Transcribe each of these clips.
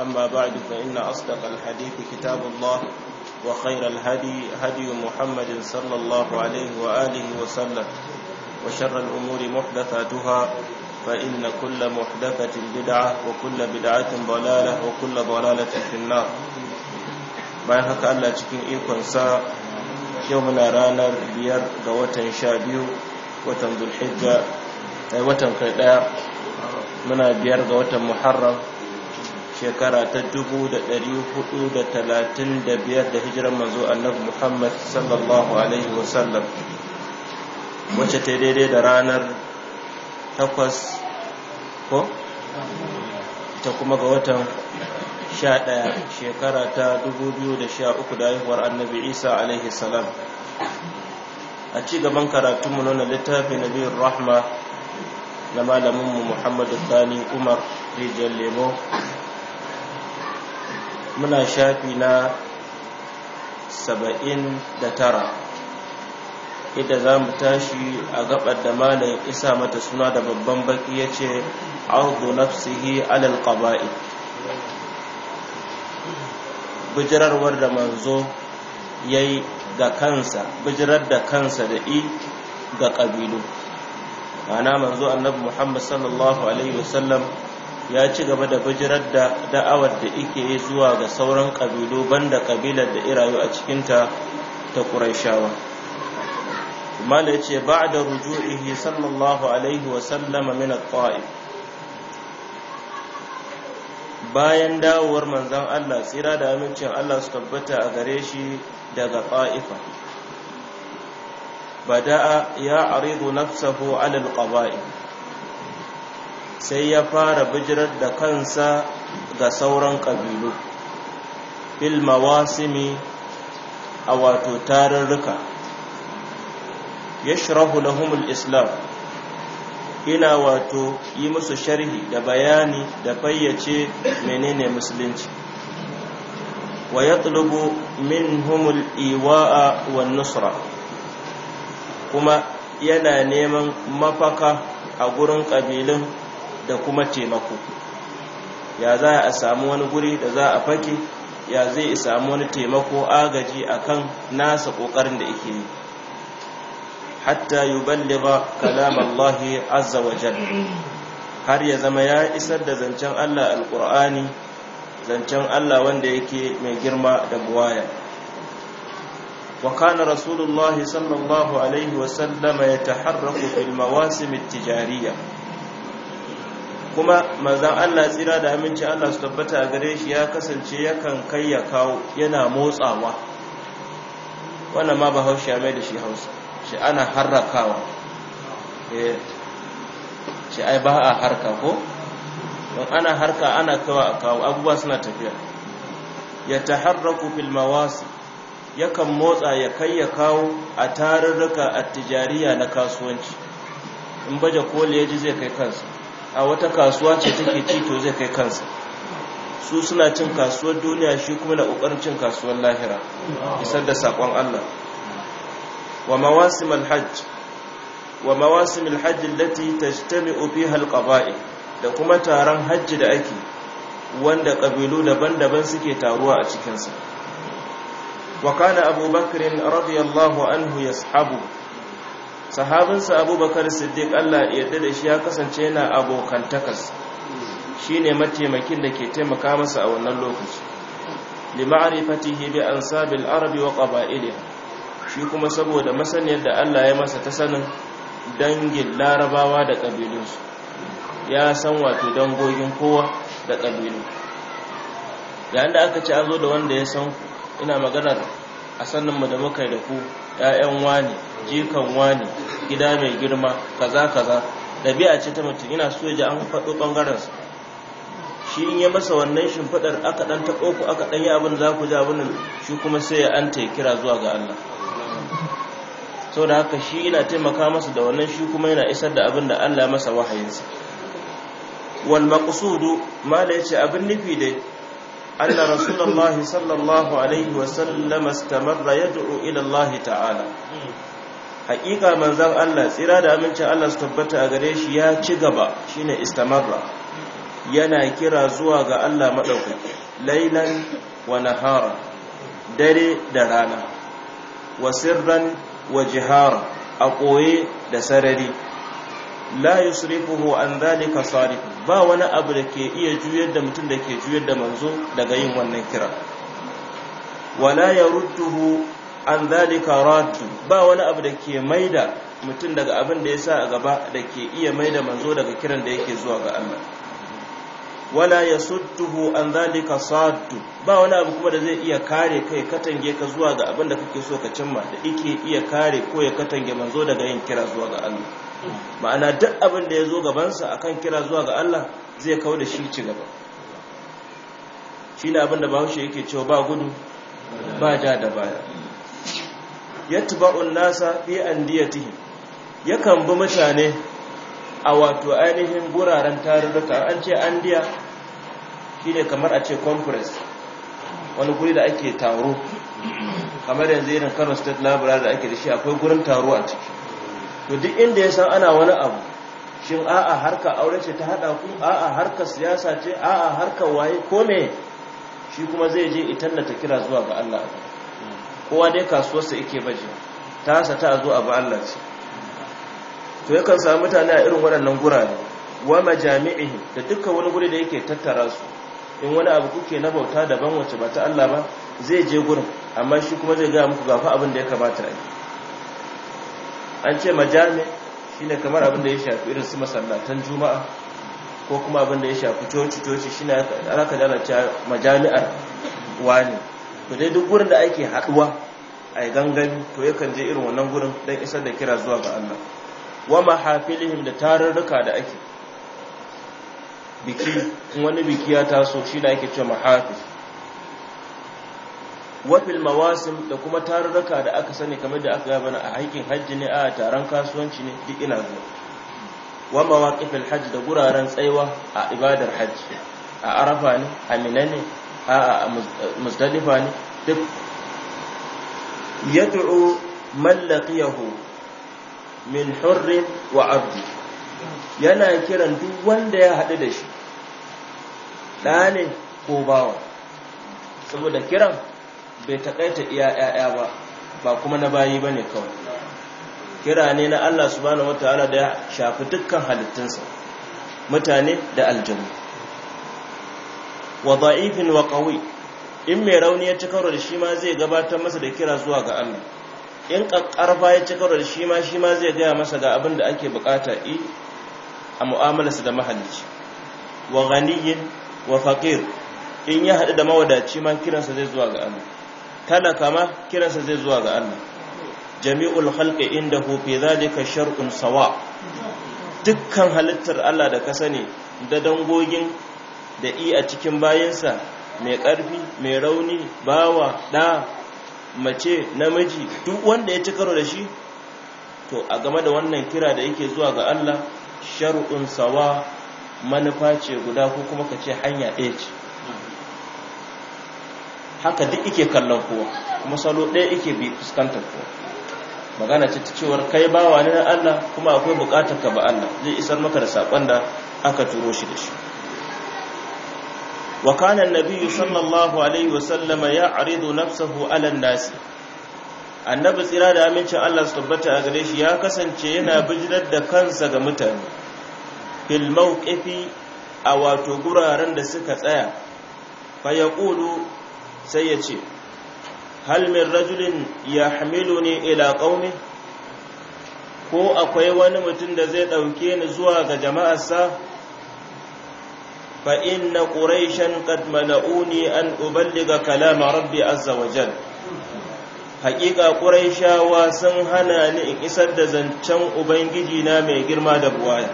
أما بعد فإن أصدق الحديث كتاب الله وخير الهدي هدي محمد صلى الله عليه وآله وسلم وشر الأمور محدثاتها فإن كل محدثة بدعة وكل بدعة ضلالة وكل ضلالة في النار bayan haka Allah cikin ikonsa yau muna ranar biyar ga watan sha biyu watan zulhijja watan kai daya muna biyar ga watan muharram shekara ta dubu da ɗari hudu da talatin da biyar da hijirar manzo annabi muhammad sallallahu alaihi wasallam wacce ta daidai da ranar takwas ko ta kuma ga watan sha ɗaya shekara ta dubu biyu da sha uku da haihuwar annabi isa alaihi salam a ci gaban karatunmu nuna littafin biyun rahma na malaminmu muhammadu Sani umar rijiyar lemo muna shafi na saba'in da tara inda za mu tashi a gabar da malam isa mata suna da babban baki ya ce ardu nafsihi alal qaba'i bijirarwar da manzo ya yi ga kansa bijirar da kansa da i ga ƙabilu ana manzo annabi muhammad sallallahu alaihi wasallam ya ci gaba da bijirar da da'awar da ike zuwa ga sauran ƙabilu banda ƙabilar da irayu a cikinta ta ƙuraishawa kuma da ya ce ba da ruju'ihi sallallahu alaihi wa sallama min ta'if bayan dawowar manzan Allah tsira da amincin Allah su tabbata a gare shi daga ta'ifa bada'a ya aridu nafsahu alal qaba'i sai ya fara bijirar da kansa ga sauran ƙabilu fil mawasimi a wato tarurruka yashrahu lahumul islam ina wato yi musu sharhi da bayani da fayyace menene musulunci wa min humul iwa'a wa nusra kuma yana neman mafaka a gurin ƙabilun da kuma taimako ya za a samu wani guri da za a fake ya zai samu wani taimako agaji akan nasa ƙoƙarin da yake yi hatta yuballigha kalam Allah azza wa har ya zama ya isar da zancen Allah alqur'ani zancen Allah wanda yake mai girma da buwaya wa kana rasulullah sallallahu alaihi wa sallama yataharraku fil mawasim at-tijariyah kuma manzan Allah tsira da aminci Allah su tabbata a gare shi ya kasance yakan kai ya kawo yana motsawa wannan ma ba haushi ya mai da shi hausa shi ana harrakawa eh, shi ai ba a harka ko don ana harka ana kawa a kawo abubuwa suna tafiya ya taharraku fil mawasi yakan motsa ya kai ya kawo a tarurruka a tijariya na kasuwanci in baje koli ya ji zai kai kansa a wata kasuwa ce take ci to zai kai kansa su suna cin kasuwar duniya shi kuma na ƙoƙarin cin kasuwar lahira isar da saƙon Allah wa mawasim hajj wa mawasim alhajj allati tajtami'u fiha alqaba'i da kuma taron hajji da ake wanda ƙabilu daban-daban suke taruwa a cikinsa wa kana abubakar radiyallahu anhu yashabu sahabinsa abubakar siddiq allah yadda da shi ya kasance yana abokantakas shi ne mataimakin da ke taimaka masa a wannan lokaci lima'arifatihi bi ansabil arabi wa qaba'iliha shi kuma saboda masaniyar da allah ya masa ta sanin dangin larabawa da ƙabilunsu ya san wato dangogin kowa da ƙabilu yayin da aka ci an zo da wanda ya san ina maganar a sanninmu da muka yi da ku ‘ya'yan wani jikan wani gida mai girma kaza kaza ɗabi'a ce ta mutum yana so ji an faɗo ɓangarensa shi in yi masa wannan shimfiɗar aka ɗan taɓo ku aka ɗan yi abin za ku ji abin shi kuma sai ya an ya kira zuwa ga Allah sau da haka shi yana taimaka masa da wannan shi kuma yana isar da abin da Allah masa wahayinsa wal maqsudu mala ce abin nufi dai anna rasulullahi sallallahu alaihi wasallam istamarra yad'u ila Allah ta'ala Haƙiƙa manzon Allah tsira da amincin Allah su tabbata a gare shi ya ci gaba shine istamarra yana kira zuwa ga Allah madaukaki laylan wa nahara dare da rana wa sirran wa jihara a ƙoye da sarari la yusrifuhu an zalika sarif ba wani abu da ke iya juyar da mutum da ke juyar da manzo daga yin wannan kira wala yarudduhu an zalika raddu ba wani abu da ke maida mutum daga abin da ya sa a gaba da ke iya maida manzo daga kiran da yake zuwa ga Allah wala yasudduhu an zalika saddu ba wani abu kuma da zai iya kare kai katange ka zuwa ga abin da kake so ka cimma da yake iya kare ko ya katange manzo daga yin kira zuwa ga Allah ma'ana duk abin da ya zo gabansa a kan kira zuwa ga Allah zai kawo da shi ci gaba shi ne abin da bahaushe yake cewa ba gudu ba ja da baya yatba'un nasa fi andiyatihi yakan bi mutane a wato ainihin guraren tarurruka an ce andiya shine kamar a ce conference wani guri da ake taro kamar yanzu irin Kano State Library da ake da shi akwai gurin taro a ciki to duk inda ya san ana wani abu shin a'a harka aure ce ta hada ku a'a harka siyasa ce a'a harka waye ko me shi kuma zai je itan ta kira zuwa ga Allah kowa dai kasuwarsa yake baje ta sa ta zuwa ba Allah ce to yakan samu mutane a irin waɗannan gurare wa majami'ihi da duka wani guri da yake tattara su in wani abu kuke na bauta daban wacce ba ta Allah ba zai je gurin amma shi kuma zai ga muku gafa abin da ya kamata a yi an ce majami ne kamar abinda ya shafi irin su masallatan juma'a ko kuma abin ya shafi coci-coci shi ne alaka da lalace majami'ar wani to dai duk wurin da ake haɗuwa, a gangami to yakan je irin wannan wurin don isar da kira zuwa ga Allah wa mahafilihim da tarurruka da ake biki wani biki ya taso shi da ake cewa mahafil wafil mawasim da kuma tarurruka da aka sani kamar da aka gabana a aikin hajji ne a taron kasuwanci ne duk ina zuwa wa mawaqifil hajji da guraren tsaiwa a ibadar hajji a arafa ne a mina ne a muzdalifa ne duk yad'u man laqiyahu min hurrin wa abdi yana kiran duk wanda ya haɗu da shi ɗa ko bawa saboda kiran bai taƙaita iya ‘ya'ya ba ba kuma na bayi ba ne kawai kira ne na Allah subhanahu wa ta'ala da ya shafi dukkan halittunsa mutane da aljanu wa da'ifin wa qawi in mai rauni ya ci karo da shi ma zai gabatar masa da kira zuwa ga Allah in kakkarfa ya ci karo da shi ma shi ma zai gaya masa ga abin da ake buƙata i a mu'amalarsa da mahalicci wa ghaniyin wa faƙir, in ya haɗu da mawadaci ma kiransa zai zuwa ga Allah talaka ma kiransa zai zuwa ga Allah jami'ul khalqi indahu fi zalika shar'un sawa dukkan halittar Allah da ka sani da dangogin da i a cikin bayansa mai ƙarfi mai rauni bawa da mace namiji duk wanda ya ci karo da shi to a game da wannan kira da yake zuwa ga Allah shar'un sawa manufa ce guda ko kuma ka ce hanya ɗaya ce haka duk ike kallon kowa kuma salo ɗaya ike bi fuskantar kowa magana ce ta cewar kai bawa ne na Allah kuma akwai bukatar ka ba Allah zai isar maka da sakon da aka turo shi da shi wa kana annabi sallallahu alaihi wa sallama ya'ridu nafsahu ala nasi annabi tsira da amincin Allah su tabbata a gare shi ya kasance yana bijirar da kansa ga mutane fil mawqifi a wato guraren da suka tsaya fa yaqulu sai ya ce hal rajulin ya hamilu ne ila qaumi ko akwai wani mutum da zai ɗauke ni zuwa ga jama'arsa fa inna quraishan qad an uballiga kalama rabbi azza wa jal haƙiƙa quraishawa sun hana ni in isar da zancen ubangiji na mai girma da buwaya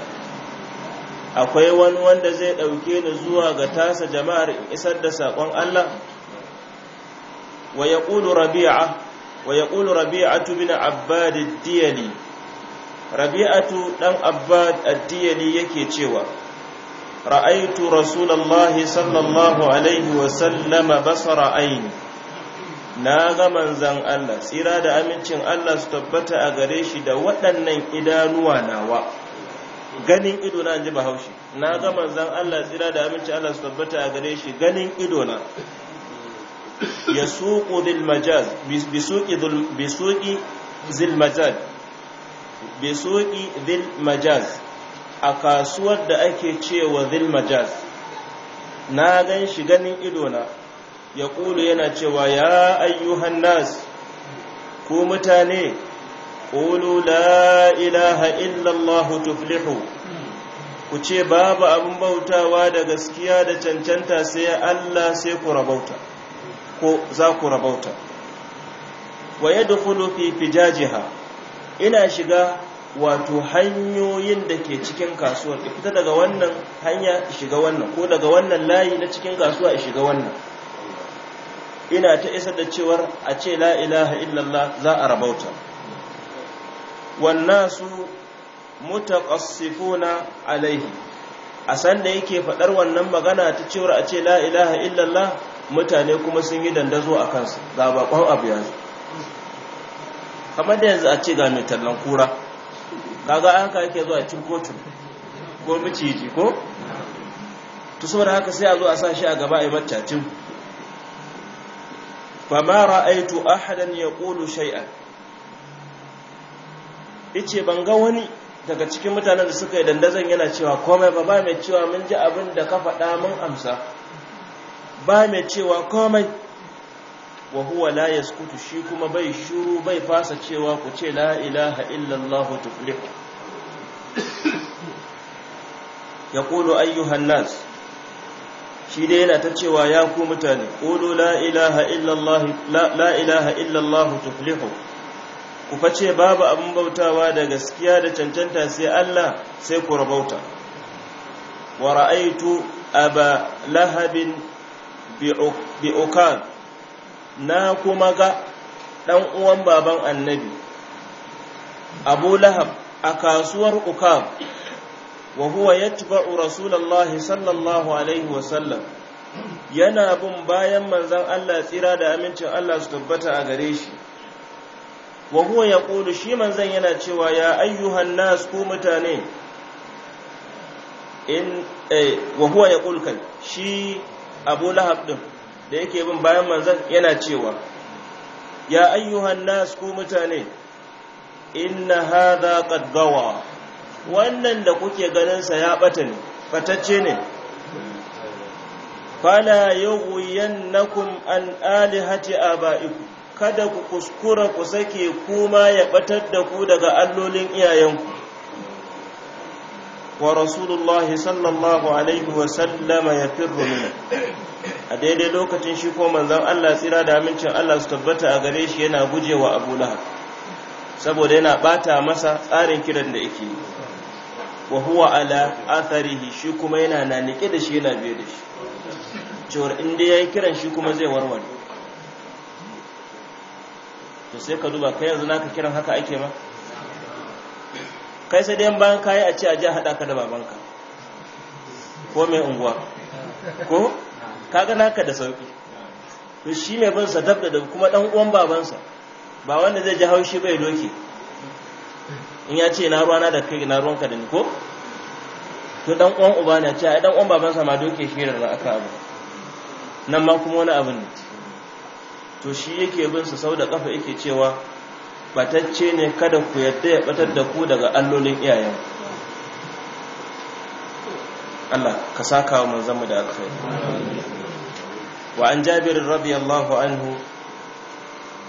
akwai wani wanda zai ɗauke ni zuwa ga tasa jama'ar in isar da saƙon Allah ويقول ربيعة ويقول ربيعة بن عباد الديلي ربيعة بن عباد الديلي يكي تشوى رأيت رسول الله صلى الله عليه وسلم بصر عين na ga manzan Allah tsira da amincin Allah su tabbata a gare shi da waɗannan idanuwa nawa ganin ido na ji bahaushe na ga manzan Allah tsira da amincin Allah su tabbata a gare shi ganin ido na ya dhil majaz bisuqi a kasuwar da ake cewa zilmajaz na gan shi ganin idona ya ƙulu yana cewa ya ayyuhan nas ku mutane qulu lailaha ilaha illallah tuflihu ku ce babu abin bautawa da gaskiya da cancanta sai Allah sai ku rabauta ko za ku rabauta wa ya dukulu fi fijajiha ina shiga wato hanyoyin da ke cikin kasuwar ki fita daga wannan hanya shiga wannan ko daga wannan layi na cikin kasuwa shiga wannan ina ta isa da cewar a ce la ilaha illallah za a rabauta wannan su mutaqassifuna alaihi a sanda yake faɗar wannan magana ta cewar a ce la ilaha illallah mutane kuma sun yi dandazo a kansu ga bakon abu yanzu kamar da yanzu a ce ga mai tallan kura kaga an ka yake zuwa cin kotun ko miciji ko to saboda haka sai a zo a sa shi a gaba a yi Ba ma ra'aitu ahadan yaqulu shai'a. Ice ban ga wani daga cikin mutanen da suka yi dandazon yana cewa komai ba ba mai cewa mun ji abin da ka faɗa mun amsa ba mai cewa komai wa huwa la yaskutu shi kuma bai shuru bai fasa cewa ku ce la ilaha illallah tuflihu yaqulu ayyuhan nas shi dai yana ta cewa ya ku mutane qulu la ilaha illallah la ilaha illallah ku face babu abin bautawa da gaskiya da cancanta sai Allah sai ku rabauta wa ra'aytu aba lahabin bi okan na kuma ga ɗan uwan baban annabi abu lahab a kasuwar okan wa huwa yatba'u rasulallah sallallahu alaihi wasallam yana bin bayan manzon Allah tsira da amincin Allah su tabbata a gare shi wa huwa yaqulu shi manzon yana cewa ya ayyuhan nas ku mutane in eh wa huwa shi abu lahab ɗin da yake bin bayan manzan yana cewa ya ayyuhan nas ku mutane inna hadha qad gawa wannan da kuke ganin sa ya bata ne fatacce ne fala yughyannakum an alihati abaikum kada ku kuskura ku sake kuma ya batar da ku daga allolin iyayenku ورسول الله صلى الله عليه وسلم يفر منه a daidai lokacin shi ko manzan Allah tsira da amincin Allah su tabbata a gare shi yana gujewa Abu Lahab saboda yana bata masa tsarin kiran da yake wa huwa ala atharihi shi kuma yana nanike da shi yana biye da shi cewar in dai yi kiran shi kuma zai warware to sai ka duba kai yanzu naka kiran haka ake ma kai sai dai bayan kayi a ce a ji haɗa ka da babanka ko mai unguwa ko kaga naka da sauki to shi mai bin sa dabda da kuma dan uwan babansa ba wanda zai ji haushi bai doke in ya ce na ruwana da kai na ruwanka da ni ko to dan uwan uba ne ce ai dan uwan babansa ma doke shi da aka abu nan ma kuma wani abu ne to shi yake bin sa sau da kafa yake cewa Fatacce ne kada ku yadda ya batar da ku daga allolin iyayen Allah ka saka wa manzanmu da alkhairi wa an jabir radiyallahu anhu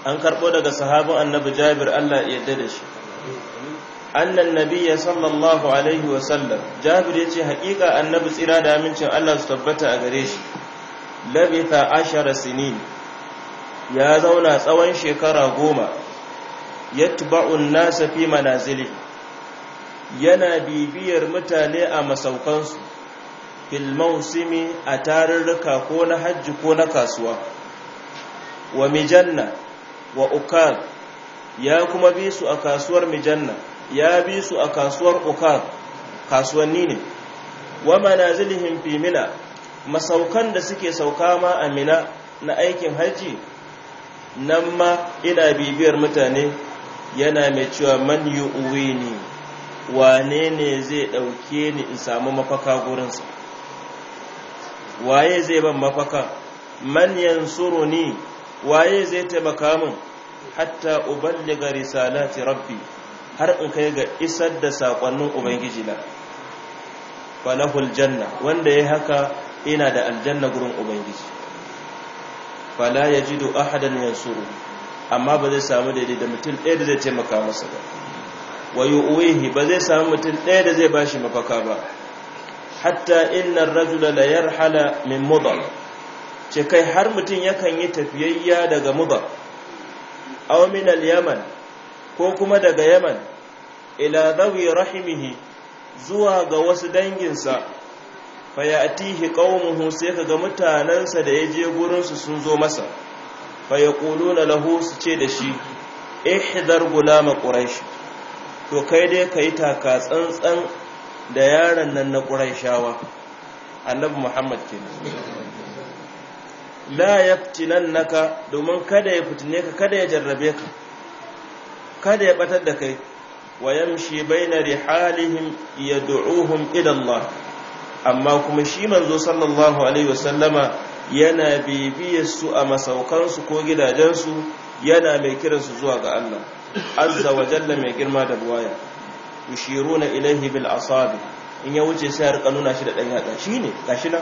an karbo daga sahabin annabi jabir Allah ya yarda da shi annan nabiyya sallallahu alaihi wa sallam jabir ce haƙiƙa annabi tsira da amincin Allah su tabbata a gare shi labitha ashara sinin ya zauna tsawon shekara goma yatba'un nasa fi manazili yana bibiyar mutane a masaukansu fil mausimi a tarurruka ko na hajji ko na kasuwa wa mijanna wa ukad ya kuma bi su a kasuwar mijanna ya bi su a kasuwar ukad kasuwanni ne wa manazilihim fi mina masaukan da suke sauka ma a mina na aikin hajji nan ma ina bibiyar mutane yana mai cewa man ne wane ne zai ɗauke ni in samu mafaka gurinsa waye zai ban mafaka man ni, waye zai taimaka min hatta ga risalati rabbi har in kai ga isar da saƙonnin ubangiji na falahul janna wanda ya haka ina da aljanna gurin ubangiji fala yajidu ahadan yansuru amma ba zai samu daidai da mutum ɗaya da zai taimaka masa ba wayo yu'wihi ba zai samu mutum ɗaya da zai bashi mafaka ba hatta inna rajula la yarhala min mudal ce kai har mutum yakan yi tafiyayya daga mudal aw min al-yaman ko kuma daga yaman ila dawi rahimihi zuwa ga wasu danginsa fa ya'tihi qaumuhu sai kaga mutanansa da yaje gurin su sun zo masa fa yaquluna lahu su ce da shi ihdar gulama quraish to kai dai kai taka tsantsan da yaran nan na ƙuraishawa annabi muhammad kenan la yaftinannaka domin kada ya fitine ka kada ya jarrabe ka kada ya batar da kai wa yamshi baina rihalihim yad'uhum ila Allah amma kuma shi manzo sallallahu alaihi wasallama yana bibiyar su a masaukansu ko gidajensu yana mai kiransu zuwa ga Allah azza wa jalla mai girma da buwaya yushiruna ilaihi bil asabi in ya wuce sai harka nuna shi da dan yatsa shine gashi nan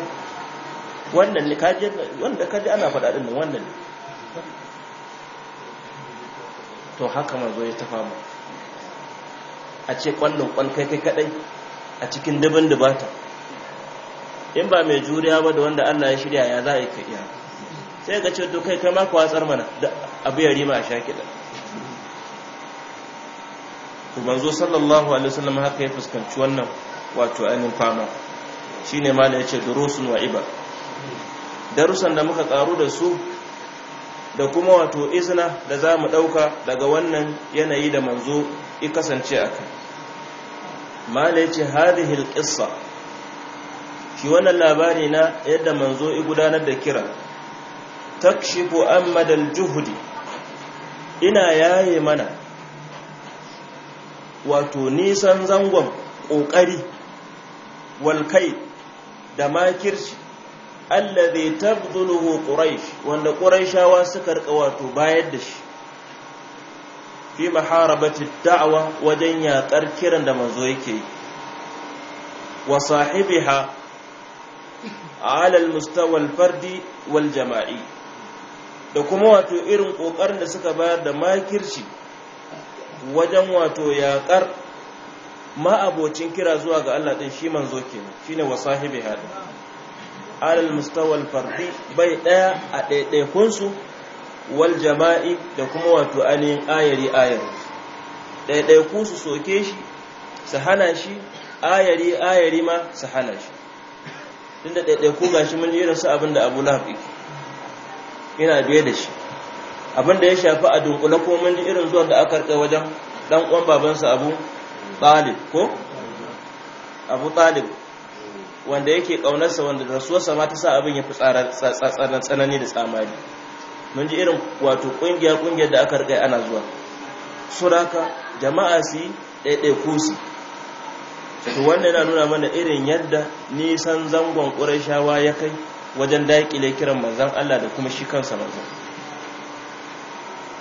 wannan ne kaje wanda kaje ana faɗa din wannan ne to haka manzo ya tafa mu a ce kwallon kwal kai kai kadai a cikin dubin dubata in ba mai juriya ba da wanda Allah ya shirya ya za a yi kai iya sai ka ce to kai kai ma ka watsar mana da abu ya rima a sha to manzo sallallahu alaihi wasallam haka ya fuskanci wannan wato ainihin fama shine ma da yace durusun wa iba darusan da muka karu da su da kuma wato izina da za mu ɗauka daga wannan yanayi da manzo i kasance a kai mala ya ce hadihil qissa shi wannan labari na yadda manzo i gudanar da kira takshifu ammadal juhudi ina yaye mana wato nisan zangon ƙoƙari walkai da makirci allazi tabdhuluhu quraish wanda quraishawa suka rika wato bayar da shi fi maharabati da'wa wajen yaƙar kiran da manzo yake yi wa sahibiha ala al-mustawa fardi wal da kuma wato irin kokarin da suka bayar da makirci wajen wato yakar ma'abocin kira zuwa ga Allah din shi manzo kenan shine wasahibi hada ala al-mustawa al-fardi bai daya a ɗaiɗaikunsu su wal jama'i da kuma wato anin ayari ayari daidaiku su soke shi su hana shi ayari ayari ma su hana shi tunda ɗaiɗaiku shi mun ji su abin da abu lahab yake yana biye da shi abin da ya shafi a dunkule ko mun ji irin zuwa da aka rike wajen dan uwan babansa abu talib ko abu talib wanda yake ƙaunarsa wanda rasuwarsa ma ta sa abin ya fi tsanani da tsamari mun ji irin wato kungiya kungiyar da aka rike ana zuwa suraka jama'a su ɗaiɗaiku su to wannan yana nuna mana irin yadda nisan zangon ƙurashawa ya kai wajen daƙile kiran manzan Allah da kuma shi kansa manzan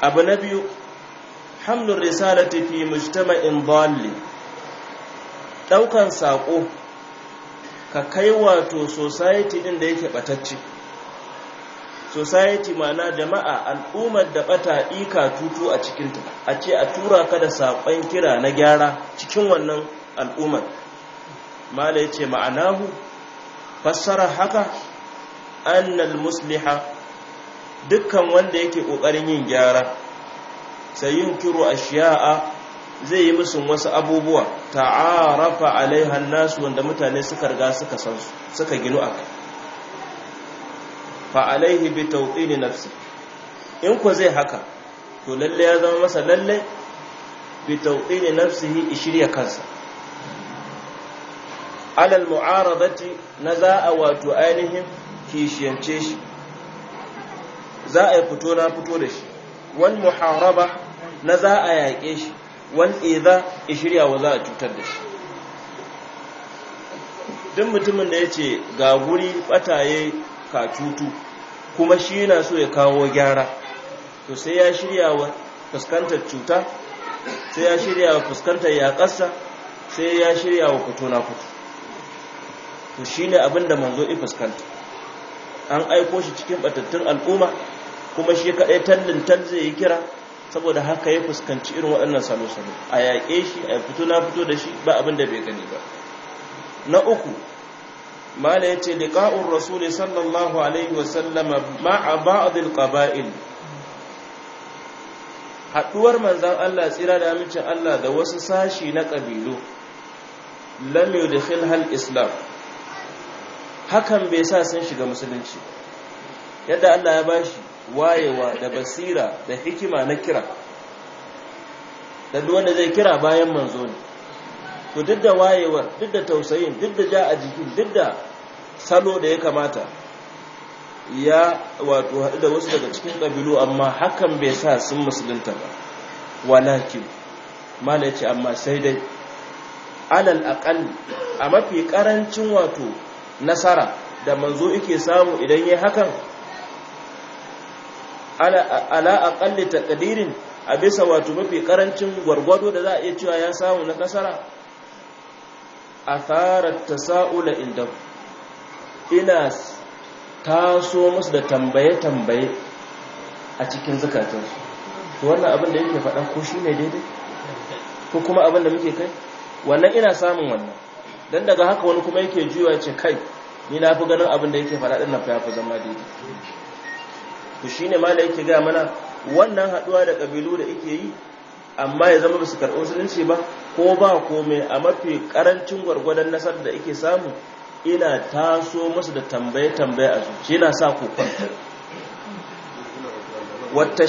abu na biyu hamlin risalati fi mujtama'in dalli ɗaukan saƙo ka kai wato society ɗin da yake ɓatacce society ma'ana jama'a al'ummar da ɓata ika tutu a cikinta a ce a tura ka da saƙon kira na gyara cikin wannan al'ummar mala ya ce ma'anahu fassara haka annal musliha dukkan wanda yake ƙoƙarin yin gyara sai yin kiro a shi'a zai yi musun wasu abubuwa ta'arafa alaihan nasu wanda mutane suka riga suka san su suka ginu a fa alaihi bi tawqini nafsi in ko zai haka to lalle ya zama masa lalle bi tawqini nafsihi ishiriya kansa alal mu'aradati na za a wato ainihin kishiyance shi za a yi fito na fito da shi wan muharaba na za a yaƙe shi wal ya shirya wa za a cutar da shi duk mutumin da ya ce, ga guri ɓataye ka cutu kuma shi yana so ya kawo gyara to sai ya shirya wa fuskantar cuta sai ya shirya wa fuskantar yaƙarsa sai ya shirya wa fito na fito to shine abin da manzo ya fuskanta an aiko shi cikin batattun al'umma kuma shi kaɗai tallin zai yi kira saboda haka ya fuskanci irin waɗannan salo-salo a yaƙe shi a fito na fito da shi ba abin da bai gani ba na uku mala ya ce liƙa'un rasuli sallallahu alaihi wasallama ma'a ba'adil ƙaba'il haɗuwar manzan Allah tsira da amincin Allah da wasu sashi na ƙabilu lam da hal islam hakan bai sa sun shiga musulunci yadda Allah ya bashi wayewa da basira da hikima na kira da wanda zai kira bayan manzo ne to duk da wayewar duk da tausayin duk da ja a jikin duk da salo da ya kamata ya wato haɗu da wasu daga cikin ƙabilu amma hakan bai sa sun musulunta ba walakin mala ce amma sai dai alal aƙal a mafi ƙarancin wato nasara da manzo yake samu idan yi hakan ala ala taƙadirin taqdirin a bisa wato mafi karancin gwargwado da za a iya cewa ya samu na kasara ta tasaula inda ina taso musu da tambaye tambaye a cikin zukatansu. to wannan abin da yake faɗa ko shine daidai ko kuma abin da muke kai wannan ina samun wannan dan daga haka wani kuma yake juyawa ya ce kai ni na fi ganin abin da yake faɗa ɗin na fi zama daidai to shi ne mala yake gaya mana wannan haɗuwa da ƙabilu da yake yi amma ya zama basu karɓi musulunci ba ko ba komai a mafi ƙarancin gwargwadon nasarar da yake samu ina taso musu da tambaye-tambaye a zuci yana sa kokon wata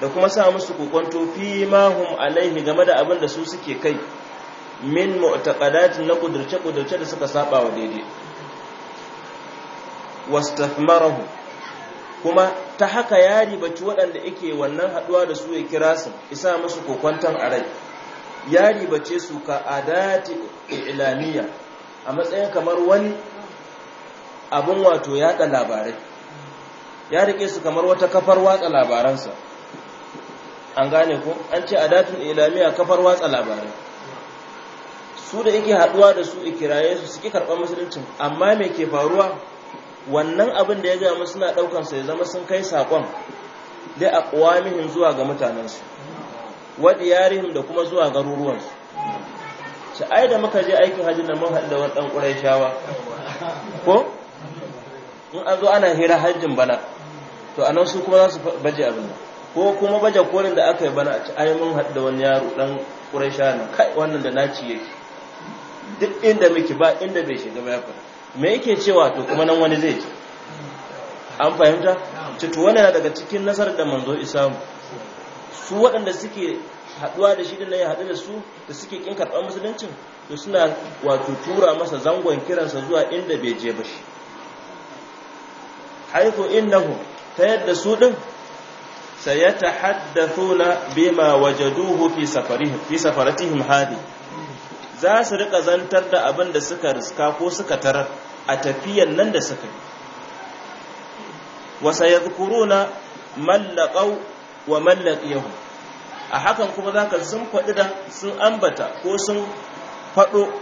da kuma sa musu kokon tofi mahum alaihi game da abin da su suke kai min mu'taqadatin na kudurce-kudurce da suka saba wa daidai wastafmarahu kuma ta haka ya ribaci waɗanda yake wannan haɗuwa da su ya kira su isa musu kokwantan a rai ya ribace su ka adati ilaniya a matsayin kamar wani abin wato yaɗa labarai ya rike su kamar wata kafar watsa labaransa an gane ku an ce adatin ilamiya kafar watsa labarai su da yake haduwa da su ikiraye su suke karɓar musuluncin amma me ke faruwa wannan abin da ya gaya musu suna ɗaukan su ya zama sun kai saƙon da aqwamihim zuwa ga mutanensu wa diyarihim da kuma zuwa garuruwansu Sai ai da muka je aikin hajji na mun da wani ɗan ƙurayshawa ko in an zo ana hira hajjin bana to anan su kuma za su baje abin da? ko kuma baje kolin da aka yi bana a ci ai mun haɗa wani yaro ɗan ƙurayshawa na kai wannan da naci yake duk inda muke ba inda bai shiga ba ya me yake cewa to kuma nan wani zai ce an fahimta cito wani na daga cikin nasarar da manzo isamu su waɗanda suke haɗuwa da shi da ya haɗu da su da suke ƙin karɓar musuluncin to suna wato tura masa zangon kiransa zuwa inda bai je ba shi haiku innahu ta yadda su ɗin sayata haddathuna bima wajaduhu fi safaratihim hadi za su rika zantar da abin da suka riska ko suka tarar a tafiyan nan da suka yi wasa ya na mallaƙau wa mallaƙiyahu a hakan kuma za ka sun faɗi da sun ambata ko sun faɗo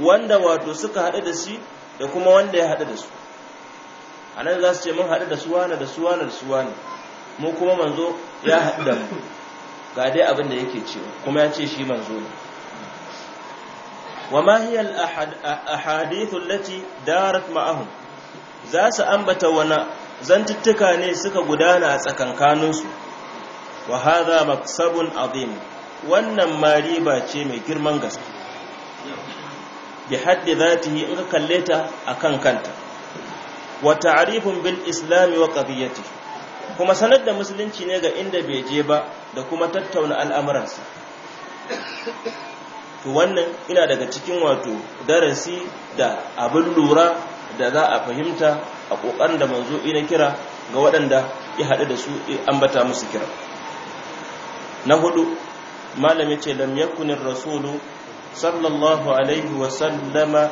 wanda wato suka haɗu da shi da kuma wanda ya haɗu da su a nan za su ce mun haɗu da suwana da suwana da suwana mu kuma manzo ya haɗu da mu ga dai abin da yake cewa kuma ya ce shi manzo ne وما هي الأحاديث التي دارت معهم za su ambata wani zantuttuka ne suka gudana a su, wa haza maksabun azim wannan mari ba ce mai girman gaske bi haddi zatihi in ka kalle ta akan kanta wa ta'rifun bil islam wa qadiyatihi kuma sanar da musulunci ne ga inda bai je ba da kuma tattauna al'amuransa to wannan ina daga cikin wato darasi da abin lura da za a fahimta a ƙoƙarin da manzo ina kira ga waɗanda ya haɗu da su ambata musu kira na hudu malami ce lam yakunin rasulu sallallahu alaihi wasallama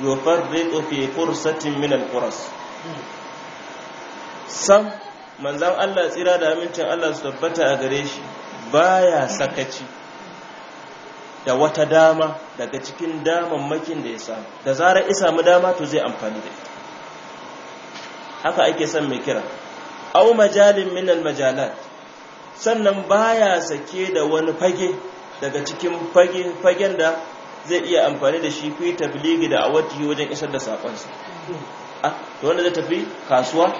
yufarriqu fi fursatin min al sam manzan Allah tsira da amincin Allah su tabbata a gare shi baya sakaci da wata dama daga cikin damammakin da ya samu da zarar ya samu dama to zai amfani da ita haka ake son mai kira au majalin minal majalat sannan baya sake da wani fage daga cikin fage fagen da zai iya amfani da shi fi tabligi da awati wajen isar da sakonsa a ah, to wanda zai tafi kasuwa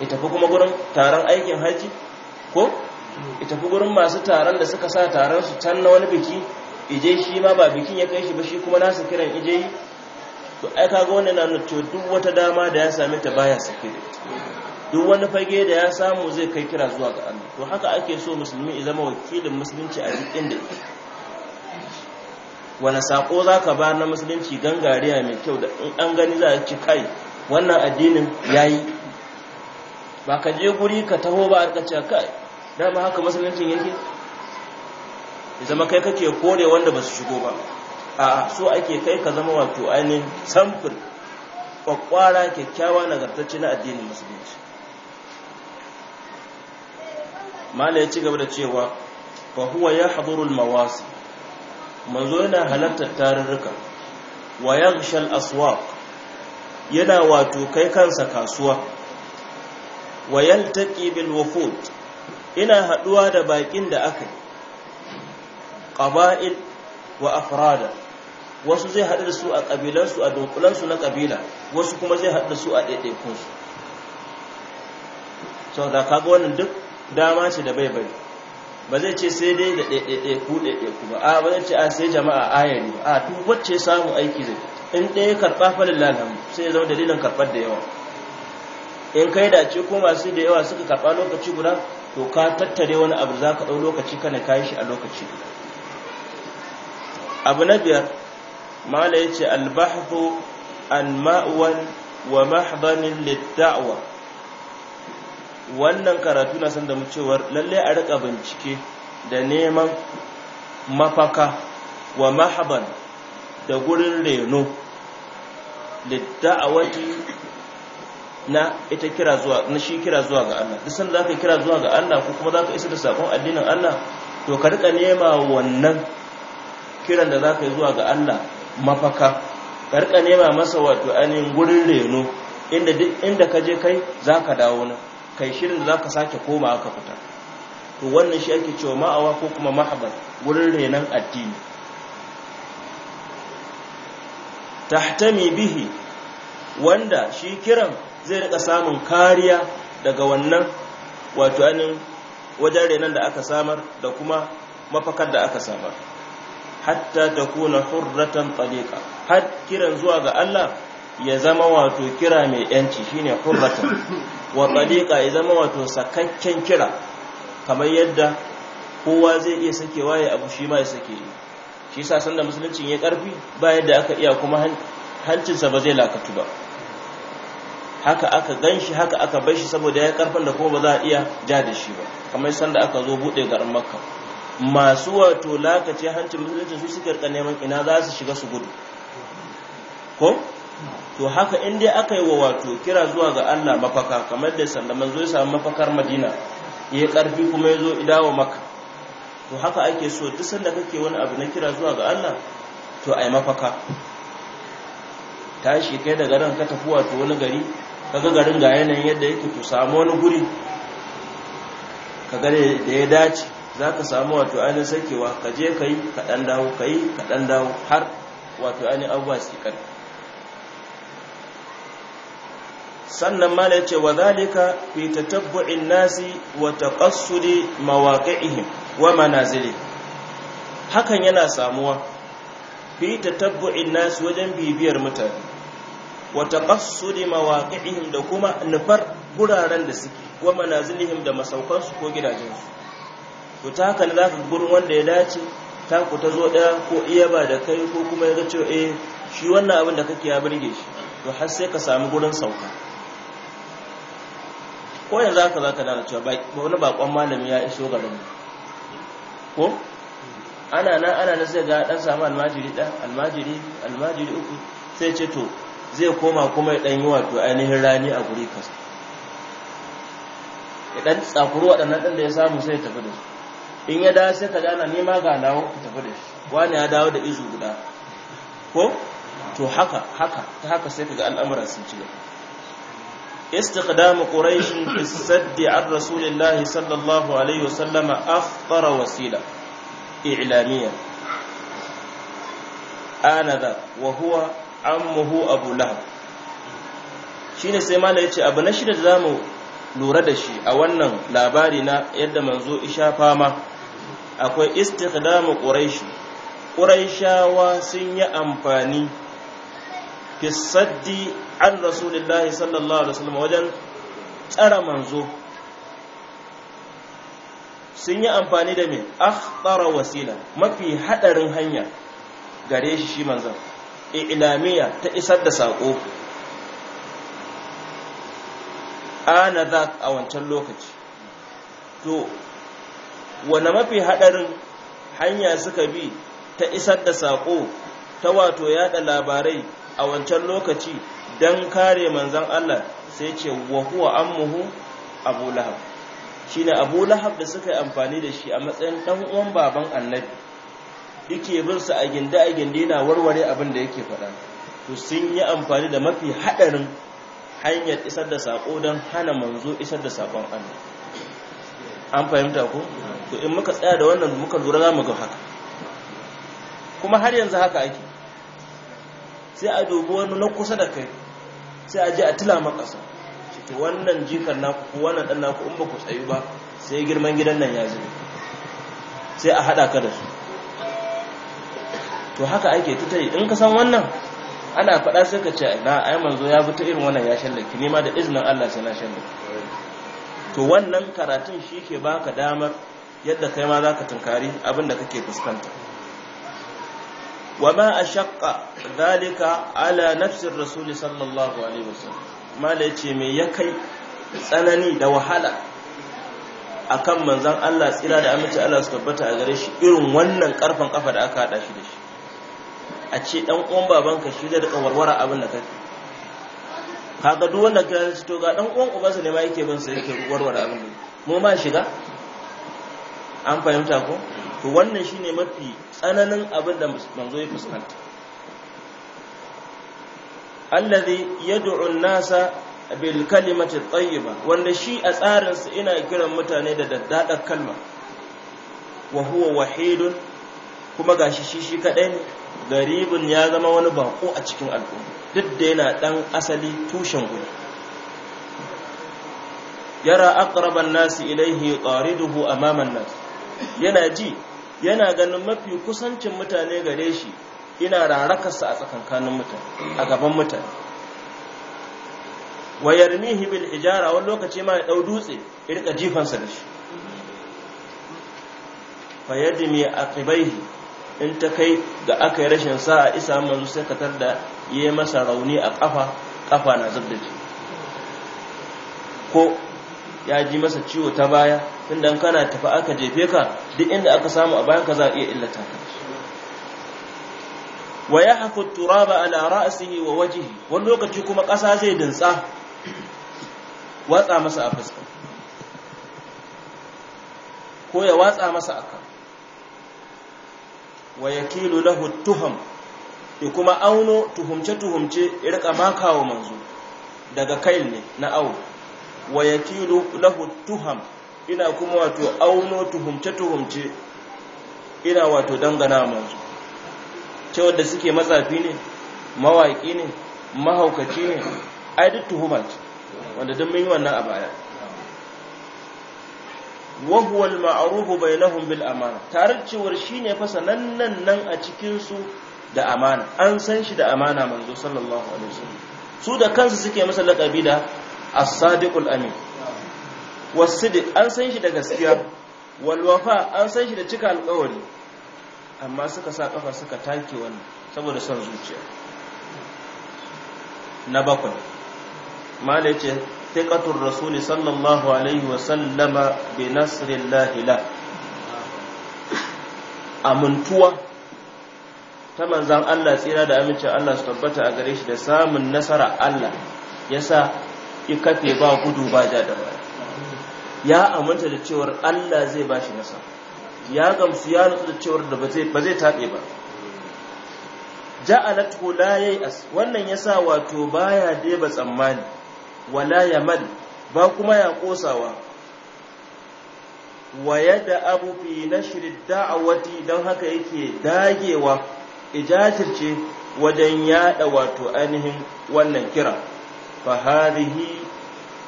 ya kuma gurin taron aikin haji ko ita fi gurin masu taron da suka sa taron su can na wani biki ije shi ma ba bikin ya kai shi ba shi kuma nasu kiran ije yi to ai kaga wannan na nuto duk wata dama da ya sami ta baya sake da duk wani fage da ya samu zai kai kira zuwa ga Allah to haka ake so musulmi ya zama wakilin musulunci a duk inda yake wani sako zaka ba na musulunci gangariya mai kyau da in an gani za a ci kai wannan addinin yayi yi ba ka je guri ka taho ba a rikaci kai dama haka musuluncin yake ya zama kai kake kore wanda ba su shigo ba a so ake kai ka zama wato ainihin samfur kwakwara kyakkyawa nagartacce na addinin musulunci mala ya ci gaba da cewa fa huwa ya haɗurul mawasi manzo yana halartar tarurruka wa shal aswa yana wato kai kansa kasuwa wa yaltaqi bil wufud ina haɗuwa da baƙin da aka yi ƙaba'il wa afrada wasu zai haɗu da su a ƙabilansu a dunkulansu na ƙabila wasu kuma zai haɗu da su a ɗaiɗaikunsu sau da kaga wannan duk dama ce da bai bai ba zai ce sai dai da ɗaiɗaiku ɗaiɗaiku ba a ba zai ce a sai jama'a ayari a duk wacce samun aiki zai in ɗaya karɓa falin lalhamu sai ya zama dalilin karɓar da yawa in kai da ce ko masu da yawa suka karɓa lokaci guda to ka tattare wani abu za ka ɗau lokaci kana kayi shi a lokaci abu na biyar mala ya ce albahu an ma'uwan wa mahabanin littawa wannan karatu na san da mu cewar lalle a rika bincike da neman mafaka wa mahaban da gurin reno lidda'awati na ita kira zuwa na shi kira zuwa ga Allah duk sanda zaka kira zuwa ga Allah ko kuma zaka isa da sakon addinin Allah to ka rika nema wannan kiran da zaka yi zuwa ga Allah mafaka ka rika nema masa wato anin gurin reno inda duk inda ka je kai zaka dawo nan kai shirin da zaka sake koma aka fita to wannan shi ake cewa ma'awa ko kuma mahabbar gurin renon addini tahtami bihi wanda shi kiran zai rika samun kariya daga wannan wato anin wajen renon da aka samar da kuma mafakar da aka samar hatta ta kuna hurratan tsalika har kiran zuwa ga Allah ya zama wato kira mai yanci shine hurratan wa tsalika ya zama wato sakakken kira kamar yadda kowa zai iya sakewa ya abu shi ma ya sake shi sa sanda musulunci ya karfi ba yadda aka iya kuma hancinsa ba zai lakatu ba haka aka ganshi haka aka bar shi saboda ya karfan da kuma ba za a iya ja da shi ba kamar sanda aka zo bude garin makka masu wato lakace hancin musulunci su suke rika neman ina za su shiga su gudu ko to haka in dai aka yi wa wato kira zuwa ga Allah mafaka kamar da sanda manzo ya samu mafakar Madina ya karfi kuma ya zo idawa maka to haka ake so duk sanda kake wani abu na kira zuwa ga Allah to ai mafaka tashi kai daga ran ka tafi wato wani gari kaga garin ga yanayin yadda yake ku samu wani guri kaga da ya dace za ka samu wato ainihin sakewa ka je ka yi kaɗan dawo ka yi kaɗan dawo har wato ainihin abuwa su ƙar sannan ma da ce wa zalika fi tabbu'in nasi wa mawaƙe ihim wa manazili hakan yana samuwa fi tabbu'in nasi wajen bibiyar mutane wa taqassudi mawaqi'ihim da kuma nufar guraren da suke wa manazilihim da masaukansu ko gidajensu to ta haka ne zaka gurin wanda ya dace ta ku ta zo ɗaya ko iya ba da kai ko kuma ya ga eh shi wannan abin da kake ya burge shi to har sai ka samu gurin sauka ko yanzu haka zaka da cewa ba wani bakon malami ya iso garin ko ana nan ana nan sai ga dan samu almajiri da almajiri almajiri uku sai ce to zai koma kuma ya ɗan yi wato ainihin rani a guri kasa ya ɗan tsakuru waɗannan ɗan da ya samu sai ya tafi da su in ya dawo sai ka gana ma ga nawo ka tafi da shi wani ya dawo da izu guda ko to haka haka ta haka sai ka ga al'amuran sun ci gaba استخدام قريش في السد عن رسول الله صلى الله عليه وسلم أخطر وسيلة إعلامية آنذا وهو ammuhu abu lahab shine sai mala ce abu na shida da zamu lura da shi a wannan labari na yadda manzo isha fama akwai istiqdamu quraishi quraishawa sun yi amfani fi saddi an rasulillahi sallallahu alaihi wasallam wajen tsara manzo sun yi amfani da mai akhtara wasila mafi hadarin hanya gare shi shi manzo ilamiya ta isar da saƙo ana za a wancan lokaci to wane mafi haɗarin hanya suka bi ta isar da saƙo ta wato yada labarai a wancan lokaci don kare manzon Allah sai ce wa huwa ammuhu abu lahab shine Abulahab da suka yi amfani da shi a matsayin ɗan uwan baban annabi yake bin sa a ginde a ginde yana warware abin da yake faɗa to sun yi amfani da mafi haɗarin hanyar isar da sako don hana manzo isar da sakon Allah an fahimta ko to in muka tsaya da wannan muka lura za mu ga haka kuma har yanzu haka ake sai a dubi wani na kusa da kai sai a je a tila makasa to wannan jikar naku ko wannan dan naku in ba ku tsayu ba sai girman gidan nan ya zube sai a hada ka da su to haka ake ta yi in ka san wannan ana faɗa sai ka ce na ai manzo ya bi ta irin wannan ya shallaki nema da iznin Allah sai na shallaki to wannan karatun shi ke baka damar yadda kai ma zaka tunkari abin da kake fuskanta wama ashaqqa zalika ala nafsi rasul sallallahu alaihi wasallam mala yace me ya kai tsanani da wahala akan manzon Allah tsira da aminci Allah su tabbata a gare shi irin wannan karfan kafa da aka hada shi da shi a ce dan uwan babanka shi zai rika warwara abin da kake kaga duk wanda ka ci to ga dan uwan ubansa ne ma yake bin yake warware abin da mu ma shiga an fahimta ko to wannan shine mafi tsananin abin da manzo ya fuskanta alladhi yad'u an-nasa bil kalimati tayyiba wanda shi a tsarin sa ina kiran mutane da daddadar kalma wa huwa wahidun kuma gashi shi shi kadai ne garibin ya zama wani bako a cikin al'umma duk da yana ɗan asali tushen gudu yara akraban nasi ilaihi qariduhu amaman nas yana ji yana ganin mafi kusancin mutane gare shi ina rarakarsa a tsakankanin mutane a gaban mutane wayarmihi bil hijara wani lokaci ma ya dau dutse ya rika jifansa da shi fayadimi aqibaihi in ta kai ga aka yi rashin sa'a isa manzo sai ka tarda yi masa rauni a ƙafa, ƙafa na zubda ji ko ya ji masa ciwo ta baya inda kana tafi aka jefe ka duk inda aka samu a bayan ka za a iya illata ka wa yahku turaba ala ra'sihi wa waje? wani lokaci kuma ƙasa zai dintsa watsa masa a fuska ko ya watsa masa a kan wa yakilu lahu tuham ya kuma auno tuhumce-tuhumce ya rika makawa manzo daga kail ne na au wa yakilu lahu tuham ina kuma wato auno tuhumce-tuhumce ina wato dangana manzo ce da suke matsafi ne mawaki ne mahaukaci ne ai duk tuhuma wanda don mun yi wannan a baya Wahuwal ma'arufu bai na bil amana tare cewar shine fasa nan nan nan a cikinsu da amana an san shi da amana manzo sallallahu alaihi wasallam su da kansu suke masa laƙabi da as-sadiqul amin was-sidq an san shi da gaskiya Walwafa an san shi da cika alƙawari amma suka sa kafa suka take wannan saboda son zuciya na bakwai mala yace ثقة الرسول صلى الله عليه وسلم بنصر الله له amintuwa ta manzan Allah tsira da amincin Allah su tabbata a gare shi da samun nasara Allah yasa ya kafe ba gudu ba da da ya aminta da cewar Allah zai ba shi nasara ya gamsu ya nutsu da cewar da ba zai taɓe ba ja'alat la yay'as wannan yasa wato baya dai ba tsammani wala ya mal, ba kuma ya kosawa wa yadda abu fi nashri da'awati don haka yake dagewa ijajirce wajen yada wato ainihin wannan kira fa hadhihi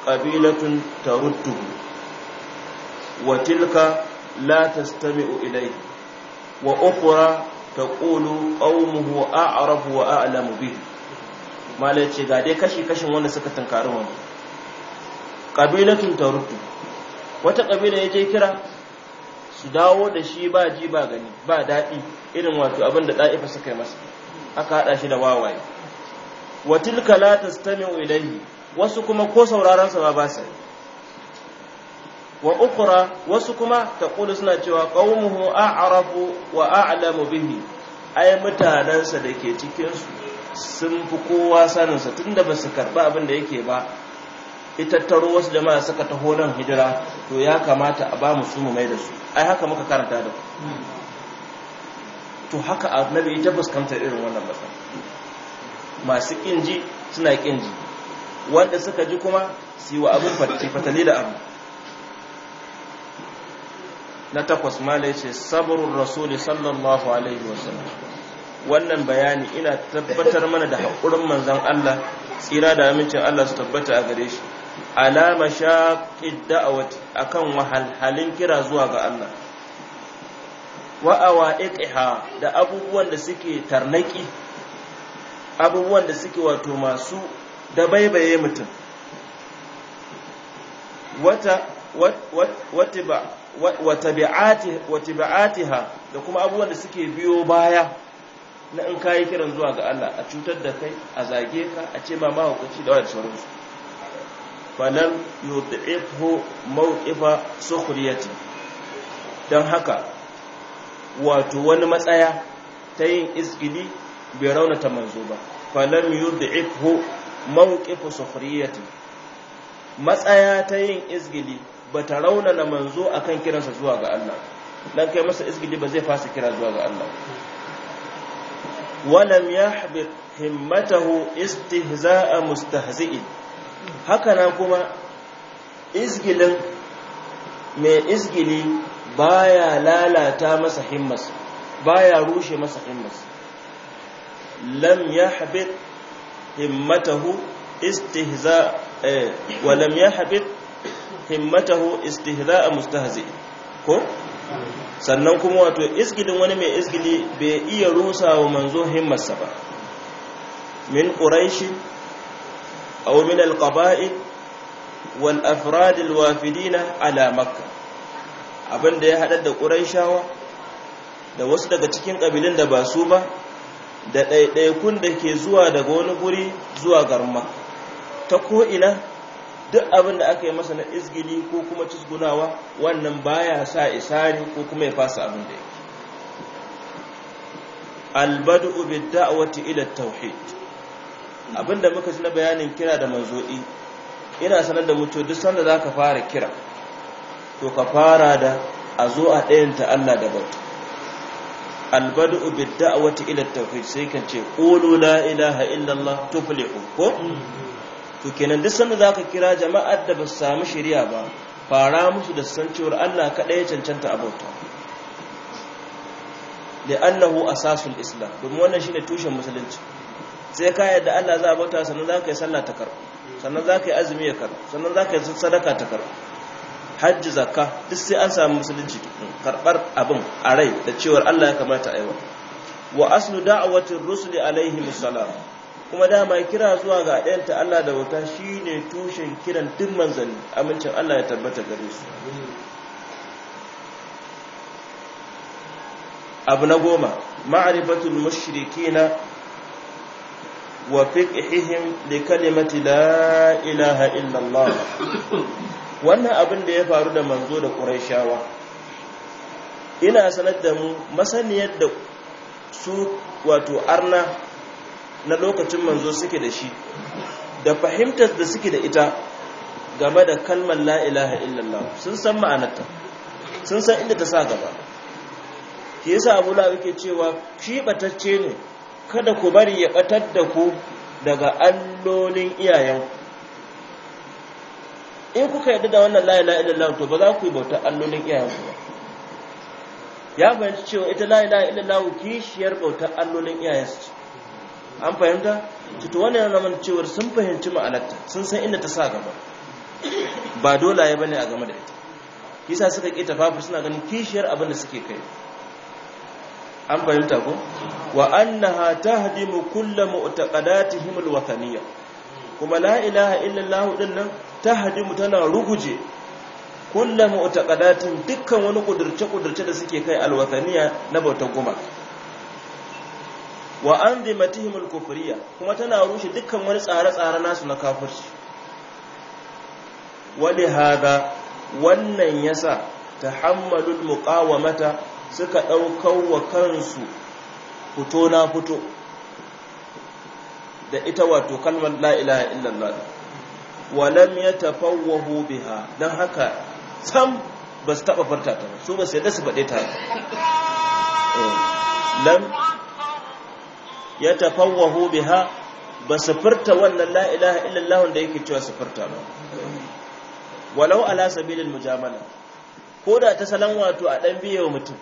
qabilatun watilka wa tilka la tastami'u ilayhi wa ukhra taqulu qawmuhu a'rafu wa a'lamu bihi malai ce ga dai kashi kashin wanda suka tunkari wani ƙabilatun tarutu wata ƙabila ya je kira su dawo da shi ba ji ba gani ba daɗi irin wato abin da ɗa'ifa suka yi masa aka haɗa shi da wawaye wa tilka la ilayhi wasu kuma ko sauraron sa ba sa wa ukura wasu kuma ta taqulu suna cewa qaumuhu a'rafu wa a'lamu bihi ay mutanansa dake cikin su sun fi kowa saninsa tunda ba su karɓi abin da yake ba itattaro wasu jama'a suka taho nan hijira to ya kamata a ba mu su mu mai da su ai haka muka karanta da to haka annabi ya fuskantar irin wannan matsala masu kinji suna kinji wanda suka ji kuma su wa abin fatali da abu na takwas mala ce sabrul rasuli sallallahu alaihi wasallam wannan bayani ina tabbatar mana da haƙurin manzan Allah tsira da amincin Allah su tabbata a gare shi alama shaqid da'awati akan wahalhalin kira zuwa ga Allah Wa'awa awaiqiha da abubuwan da suke tarnaki abubuwan da suke wato masu dabaibaye mutum wata wata da kuma abubuwan da suke biyo baya na in kayi kiran zuwa ga Allah a cutar da kai a zage ka a ce ma mahaukaci da wani sauransu falan yudhiqhu mawqifa sukhriyati dan haka wato wani matsaya ta yin izgili bai raunata manzo ba falan yudhiqhu mawqifa sukhriyati matsaya ta yin izgili bata raunana manzo akan kiransa zuwa ga Allah dan kai masa izgili ba zai fasa kira zuwa ga Allah walam yahbit himmatahu istihza'a mustahzi'in hakanan kuma izgilin mai izgili baya lalata masa himmas baya rushe masa himmas lam yahbit himmatahu istihza eh, wa lam yahbit himmatahu istihza'a mustahzi'in ko sannan kuma wato izgilin wani mai isgili bai iya rusa wa manzo himmarsa ba min ƙuraishi a min alƙaba'i wal afradil wafidina ala makka abinda ya haɗar da ƙuraishawa da wasu daga cikin ƙabilun da ba su ba da ɗaiɗaikun da ke zuwa daga wani guri zuwa garma ta ko'ina duk abin da aka yi masa na izgili ko kuma cizgunawa wannan baya sa isari ko kuma ya fasa abin da yake albadu bi da'wati ila tauhid abinda muka ji na bayanin kira da manzo'i ina sanar da mutu duk sanda zaka fara kira to ka fara da a zo a ɗayan ta Allah da bauta albadu bi da'wati ila tauhid sai kan ce qulu la ilaha illallah tuflihu ko to kenan duk sanda zaka kira jama'ar da ba su samu shari'a ba fara musu da san cewar Allah kaɗai ya cancanta abauta da annahu asasul islam domin wannan shine tushen musulunci sai ka yadda Allah za a bauta sannan za yi sallah ta karɓu sannan za yi azumi ya karɓu sannan za yi sadaka ta karɓu hajji zakka duk sai an samu musulunci karbar abin a rai da cewar Allah ya kamata a yi wa wa aslu da'awatir rusuli alaihi musallam kuma dama kira zuwa ga ɗayanta Allah da wuta shi ne tushen kiran duk manzanni amincin Allah ya tabbata gare su abu na goma ma'arifatul mushrikina wa fiqhihim li kalimati la ilaha illallah wannan abin da ya faru da manzo da quraishawa ina sanar da mu masaniyar da su wato arna na lokacin manzo suke da shi da fahimtar da suke da ita game da kalmar la ilaha illallah sun san ma'anarta sun san inda ta sa gaba ke yasa abu la ke cewa shi batacce ne kada ku bari ya batar da ku daga allolin iyayen in kuka yarda da wannan la illallah to ba za ku yi bautar allolin iyayen ku ba ya fahimci cewa ita la illallah kishiyar bautar allolin iyayen su ce. an fahimta tuto wani yana mana cewar sun fahimci ma'anarta sun san inda ta sa gaba ba dolaye bane a game da ita yasa suka ƙi tafafi suna ganin kishiyar abin da suke kai an fahimta ko wa annaha tahdimu kullu mu'taqadatihim wataniya kuma la ilaha illallah din nan mu tana ruguje kullu ƙadatin dukkan wani ƙudurce-ƙudurce da suke kai alwataniya na bautan gumaka wa anzimatihim al-kufriyya kuma tana rushe dukkan wani tsare-tsare nasu na kafirci wani hada wannan yasa tahammalul muqawamata suka daukar wa kansu fito na fito da ita wato kalmar la ilaha illallah wa lam yatafawwahu biha dan haka sam ba su taba farta ta su ba sai da su bade ta eh. lam ya tafawwahu biha ba su furta wannan la ilaha illallah da yake cewa su furta ba walau ala sabilil mujamala ko da ta salon wato a dan biyo mutum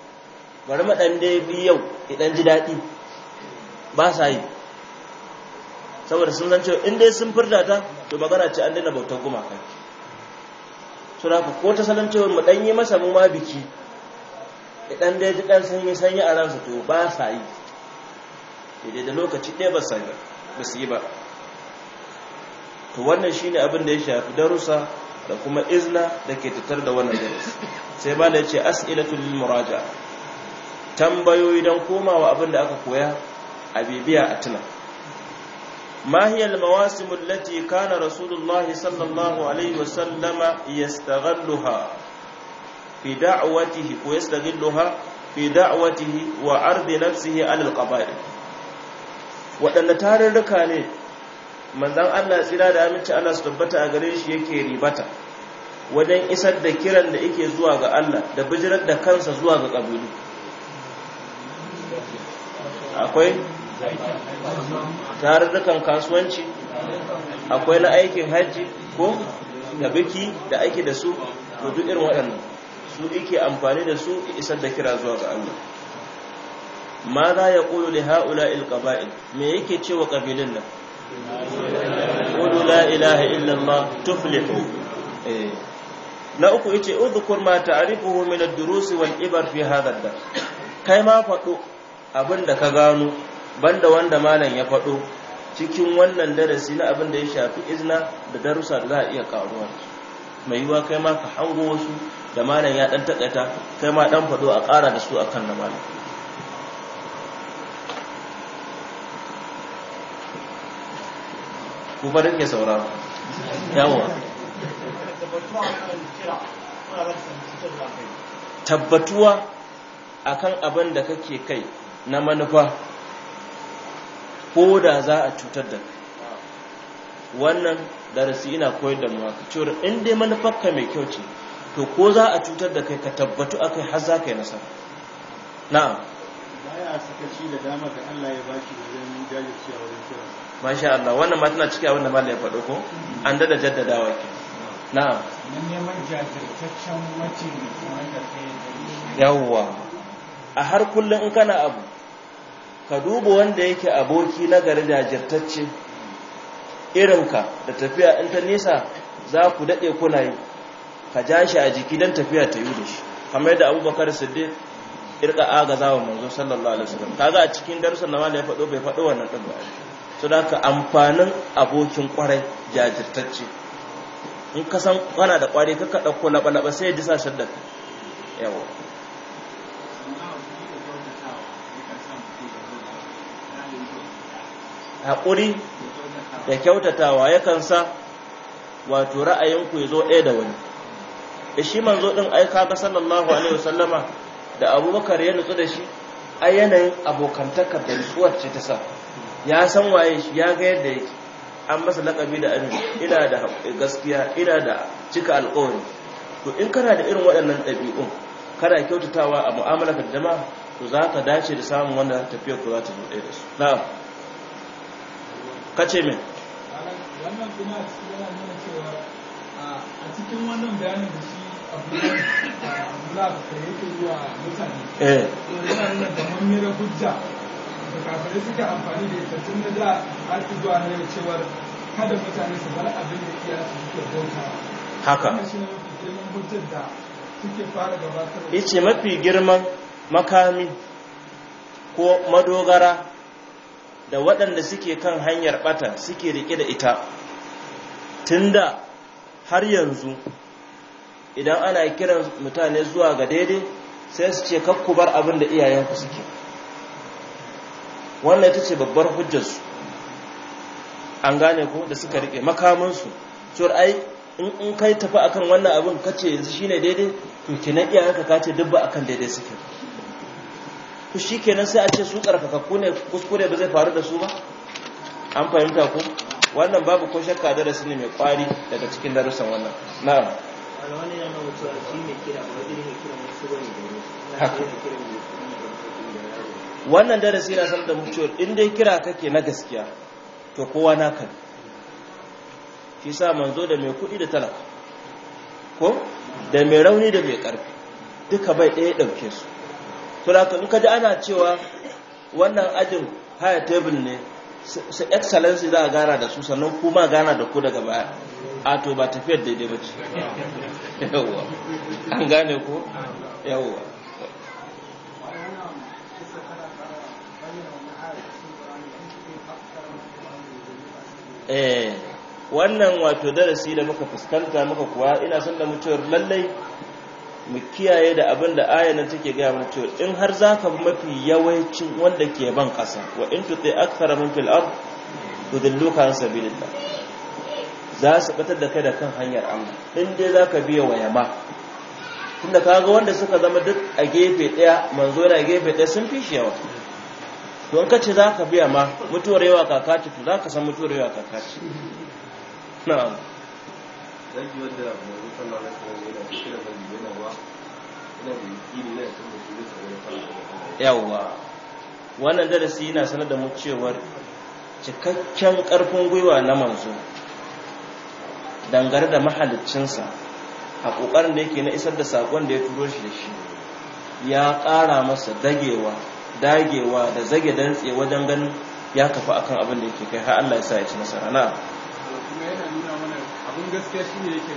bari ma dan dai yau idan ji dadi ba sa yi saboda sun san cewa in dai sun furta ta to magana ce an dina bautar gumaka sura ko ta salon cewa mu dan yi masa mu ma biki idan dai ji dan yi sanyi a ransa to ba sa yi daidai da lokaci ɗaya ba sa ba su yi ba to wannan shi ne abin da ya shafi darussa da kuma izna da ke tattar da wannan darus sai ba da ya ce as'ilatul muraja tambayoyi don komawa abin da aka koya a bibiya a tuna ma hiyar mawasimun kana rasulullah sallallahu alaihi wasallama ya stagalluha fi da'awatihi ko ya stagalluha fi da'awatihi wa arzi nafsihi alal waɗanda tarurruka ne manzan Allah tsira da aminci Allah su tabbata a gare shi yake ribata wajen isar da kiran da yake zuwa ga Allah da bijirar da kansa zuwa ga ƙabilu akwai tarurrukan kasuwanci akwai na aikin hajji ko da biki da ake da su to duk irin waɗannan su yake amfani da su isar da kira zuwa ga Allah ma za ya ƙulu li ha'ula ba'in? me yake ce wa ƙabilun nan ƙulu la ilaha illallah tuflihu eh. na uku yace udhkur ta ta'rifuhu min ad durusi wal ibar fi hadha kai ma faɗo da ka gano banda wanda malam ya faɗo cikin wannan darasi na abin da ya shafi izna da darussa da za a iya karuwa mai yiwa kai ma ka hango wasu da malam ya ɗan takaita kai ma ɗan faɗo a ƙara da su akan na malam ku fa rike sauraro yawa tabbatuwa akan abin da kake kai na manufa ko da za a cutar da kai wannan darasi ina koyar da mu haka cewa in dai manufarka mai kyau ce to ko za a cutar da kai ka tabbatu akai har za ka yi nasara na'am baya sakaci da dama da Allah ya bashi wajen jajircewa wajen kiransa masha Allah wannan ma tana cikin abinda da ya faɗo ko an dada jaddadawa ke na'am nan neman jajirtaccen mataimaki wanda kai yawwa a har kullum in kana abu ka duba wanda yake aboki na gari jajirtacce irinka da tafiya in ta nisa za ku daɗe kuna yi ka ja shi a jiki don tafiya ta yi da shi kamar da abubakar siddiq irka aga wa manzo sallallahu alaihi wasallam kaga a cikin darussan da ya faɗo bai faɗo wannan ɗin ba su ka amfanin abokin kwarai jajirtacce in ka san kana da kwari ka ɗauko laɓa-laɓa sai ya ji sa shaddar yawa haƙuri da kyautatawa ya kan sa wato ra'ayinku ya zo ɗaya da wani da shi manzo ɗin aika ga sallallahu alaihi wasallama da abubakar ya nutsu da shi a yanayin abokantakar da nutsuwar ce ta sa ya san waye shi ya ga yadda yake an masa lakabi da annabi ina da eh, gaskiya ina da cika alƙawari to in kana da irin waɗannan ɗabi'un kana kyautatawa a mu'amala da jama'a to za ka dace da samun wanda tafiyar ku za ta zo da su na'am kace min wannan kuma yana nuna cewa a cikin wannan bayanin da shi abu da yake zuwa mutane eh. yana nuna kamar mera hujja da kafirai suka amfani da ita tun da da har zuwa na yau cewar kada mutane su bar abin da iya su suke bauta haka shi ne mafi girman da suke fara gabatar yace mafi girman makami ko madogara da waɗanda suke kan hanyar ɓata suke riƙe da ita tunda har yanzu idan ana kiran mutane zuwa ga daidai sai su ce kakku bar abin da iyayenku suke wannan ita ce babbar hujjarsu an gane ko da suka rike makamansu cewar ai in kai tafi akan wannan abin kace yanzu shine daidai to kenan iyayenka kace dubba akan daidai suke ku shikenan sai a ce su tsarkakakku ne kuskure ba zai faru da su ba an fahimta ku wannan babu ko shakka darasi ne mai kwari daga cikin darussan wannan na'am wani yana mutuwa shi ne kira ba wani ne kira mutuwa ne da ne wannan darasi na san da mutuwar in dai kira kake na gaskiya to kowa na kan shi sa manzo da mai kuɗi da talaka ko da mai rauni da mai karfi duka bai ɗaya ɗauke su to da in ka ji ana cewa wannan ajin haya tebul ne su excellency za a gana da su sannan kuma gana da ku daga baya a to ba tafiyar daidai ba ce yawwa an gane ko yawwa eh wannan wato darasi da muka fuskanta muka kuwa ina son da mutuwar lallai mu kiyaye da abin da ayyana take gaya mutuwar in har zaka bi mafi yawancin wanda ke ban ƙasa wa in tuti akthara min fil ard tudilluka an sabidin za su batar da kai da kan hanyar Amma. in dai ka biya wa yama tunda kaga wanda suka zama duk a gefe daya manzo yana gefe daya sun fi shi yawa to an kace za ka biya ma mutuwar yawa kaka to za ka san mutuwar yawa kaka ci na'am zaki wanda manzo sallallahu alaihi wasallam yana kira da yana wa yana da yiri ne kan mutum da yawa wannan darasi yana sanar da mu cewar cikakken karfin gwiwa na manzo dangane da mahaliccinsa a ƙoƙarin da yake na isar da saƙon da ya turo shi da shi ya ƙara masa dagewa dagewa da zage dantse wajen ganin ya tafi akan abin da yake kai har Allah ya sa ya ci nasara na abin gaskiya shine yake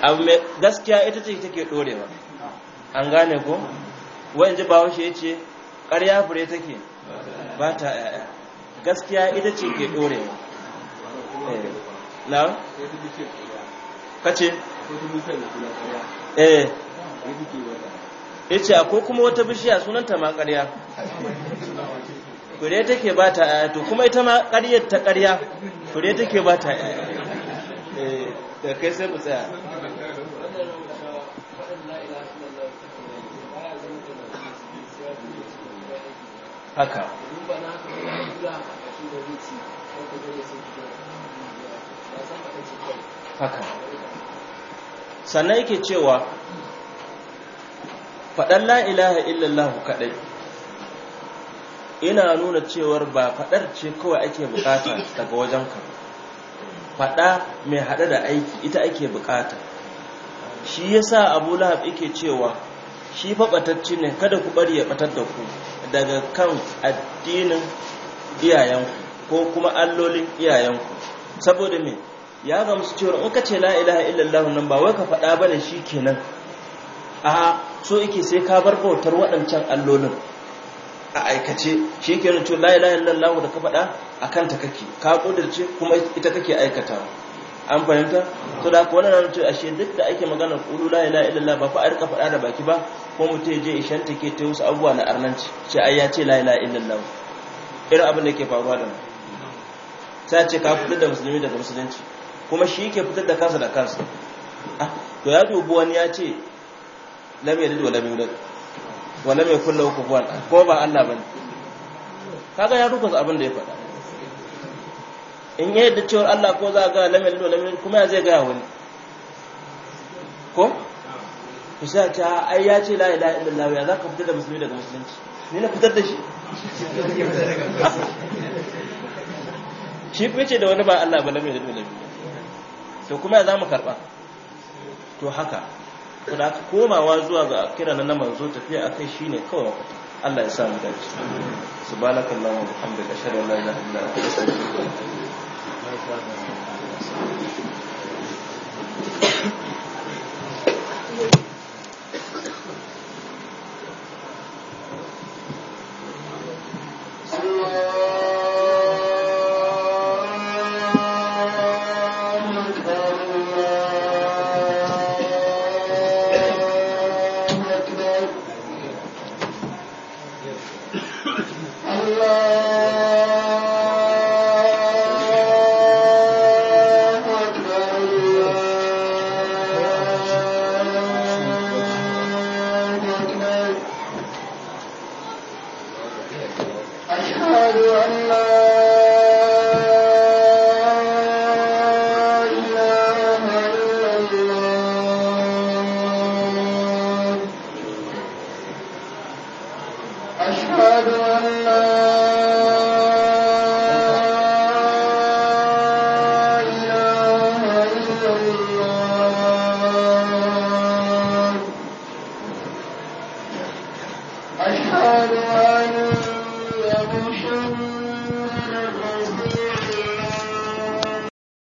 da gaskiya ita ce take ɗorewa an gane ko wani ji bahaushe ya ce ƙarya fure take ba ta yaya gaskiya ita ce ke ɗorewa eh. na kace eh yace akwai kuma wata bishiya sunanta ma ƙarya fure take ba ta aya eh, to kuma ita ma ƙaryar ta ƙarya fure take ba ta aya eh da kai sai mu tsaya haka haka sannan yake cewa faɗan la ilaha illallah kaɗai ina nuna cewar ba faɗar ce kawai ake bukata daga wajen ka, faɗa mai haɗe da aiki ita ake bukata shi yasa abu lahab yake cewa shi faɓatacci ne kada ku bari ya ɓatar da ku daga kan addinin iyayenku ko kuma allolin iyayenku saboda mai ya su cewa in ka ce la ilaha illallah nan ba wai ka faɗa bane kenan. a so yake sai ka bar bautar waɗancan allolin a aikace shi ke la, ilaha illallah da ka faɗa a kanta kake ka ƙudurce kuma ita kake aikata an fahimta to da kuwa na rinto ashe duk da ake maganar la, ilaha illallah ba fa a rika faɗa da baki ba ko mutum ya je ishan ta ke ta wasu abubuwa na arnanci ce ai ya ce la, ilaha illallah irin abin da ke faruwa da mu ta ce ka kuɗi da musulmi daga musulunci kuma shi yake fitar da kansa da kansa ah, to ya dubi wani ya ce lam yalid wa lam yulad wa mai yakul lahu kufuwan ko kuma ba Allah bane kaga ya rukunta abin da ya faɗa in ya yadda cewar Allah ko za ga lam yalid wa lam kuma ya zai ga wani ko ku sai ta ah, ai ya ce la ilaha illallah ya zaka fitar da musulmi daga musulunci ni na fitar da shi shi fice da wani ba Allah ba lam yalid wa lam to kuma za mu karɓa to haka to da komawa zuwa ga kira na manzo tafiya akai shine kawai Allah ya sa mu dace su wa bihamdika ashhadu an la ilaha illa anta astaghfiruka